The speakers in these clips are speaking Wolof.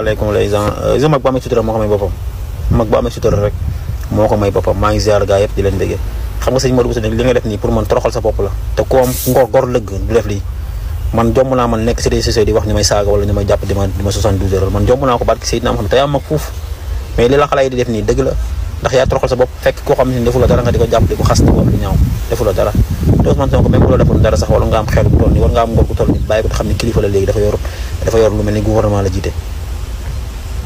waaleykum les euh, gens gis mag bu amee sutura moo ko may jomb naa man nekk si réseaux sociaux di wax ñu may saaga wala ñu may jàpp di ma di ma 72 heures man jomb naa ko barki Seydina Muhammad te yaa mag fuuf mais li la xale di def nii dëgg la ndax yaa toroxal sa bopp fekk koo xam ne defu la dara nga di ko jàpp di ko xas di ko wax ñaaw defu la bu la defoon dara sax wala nga am xel bu toll ni war nga am ngor bu toll ni bàyyi ko te xam ne kilifa la léegi dafa yor dafa yor lu mel ni gouvernement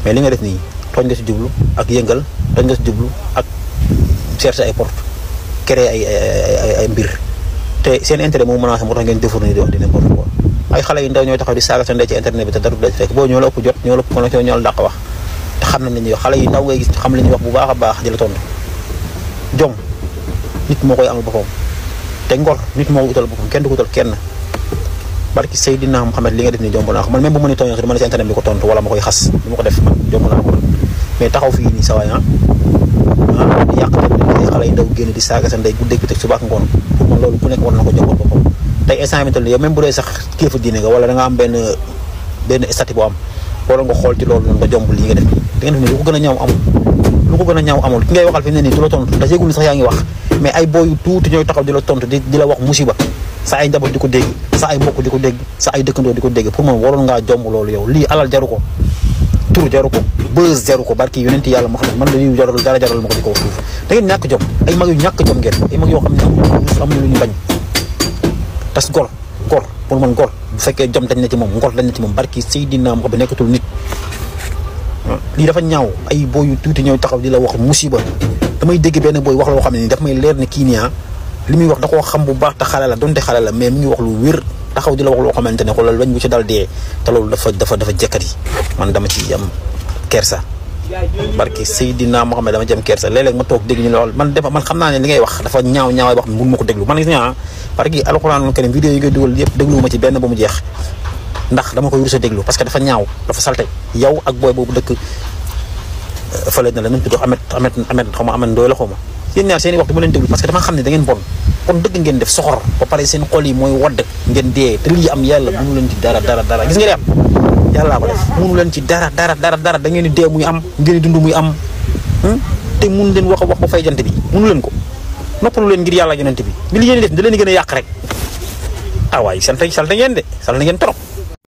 mais li nga def ni togn nga ci djublu ak yengal tooñ nga ci djublu ak chercher ay porte créer ay ay ay mbir té seen intérêt mo menacé moo tax ngeen defourni di wax di n'importe quoi ay xalé yi ndaw ñoy taxaw di saga seen ci internet bi te daru def la ci ñoo la ëpp jot ñoo la ko ñoo la dakk wax te xam nañ ni xalé yi ndaw ngay gis xam lañ wax bu baaxa baax di la tontu jom nit mo koy amal boppam té ngor nit mo utal boppam kenn du utal kenn barki sayidina Muhammad li nga def ni jombo na ko man même bu ma ni man ci internet bi ko tontu wala makoy xass bu du def man jombo na ko mais taxaw fi ni saway han ah, ah di yàq ay xalay ndaw genn di saga sa ndey guddé bi tek subaak ngon pour man loolu ku nek war nako jombo jombal tay tey instant bi tal yow même bu re sax kefu diine nga wala da nga am ben ben statut bo am wala nga xol ci loolu nga jombo li nga def da nga def ni ko gëna ñaw ñaaw amul lu ko gëna ñaw amul ki ngay waxal fi ne nii la tontu da yégul ni sax yaangi wax mais ay boyu tout ñoy taxaw di la tontu di la wax musiba sa ay dabo diko deg sa ay mbokk diko deg sa ay dekkando diko deg pour mom waron nga jom lolou yow li alal jaru ko tur jaru ko bës jaru ko barki yonenti yalla ma xam man la ñuy jaral dara jaral ma ko di ko da ngeen ñak jom ay mag yu ñak jom ngeen ay mag yo xam ne amuñu amuñu lu ñu bañ tas gor gor pour man gor bu fekke jom dañ na ci mom ngor dañ na ci mom barki sayidina Seydina Muhammad nekatul nit li dafa ñaaw ay boyu tuti ñew taxaw di la wax musiba damay dégg ben boy wax lo xamni ne daf may leer ne kinia ah, limi muy wax da koo xam bu baax te xale la donte xale la mais mi ngi wax lu wér taxaw di la wax loo xamante ne xoolal bañ bu ci dal dee te loolu dafa dafa dafa jekkati man dama ci am kersa barki Seydina Mohamed dama ci kersa lele léeg ma toog dégg ñu lool man defa man xam naa li ngay wax dafa ñaaw ñaawaay wax mun ma ko man gis nga barki alxuraanul karim vidéo yi ngay dugal yëpp dégluwuma ci benn mu jeex ndax dama koy parce que dafa ñaaw dafa yow ak na la Amet Amet Amet xaw ma Amet la yéen ñaar seen i waxtu mu leen déglu parce que dama xam ne da ngeen bon kon dëgg ngeen def soxor ba pare seen xol yi mooy wadd ngeen dee te lii am yàlla mënu leen ci dara dara dara gis ngeen am yàllaa ko def mënu leen ci dara dara dara dara da ngeen di dee muy am ngeen di dund muy am hmm? te mun leen wax a wax ba fay jant bi mënu leen ko noppalu leen ngir yàlla yonent bi bi li ngeen def da leen gën a yàq rek ah waay sant salte ngeen de salte ngeen trop